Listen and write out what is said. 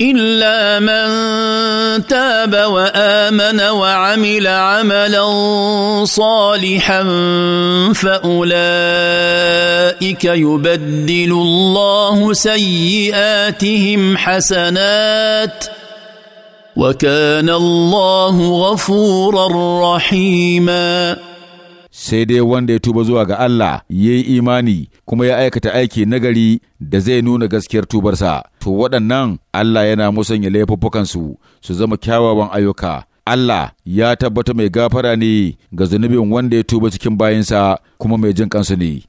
الا من تاب وامن وعمل عملا صالحا فاولئك يبدل الله سيئاتهم حسنات وكان الله غفورا رحيما sai dai wanda ya tuba zuwa ga Allah ya yi imani kuma ya aikata aiki nagari da zai nuna gaskiyar tubarsa, to waɗannan Allah yana musanya laifuffukansu su zama kyawawan ayyuka. Allah ya tabbata mai gafara ne ga zunubin wanda ya tuba cikin bayinsa kuma mai jin kansu ne.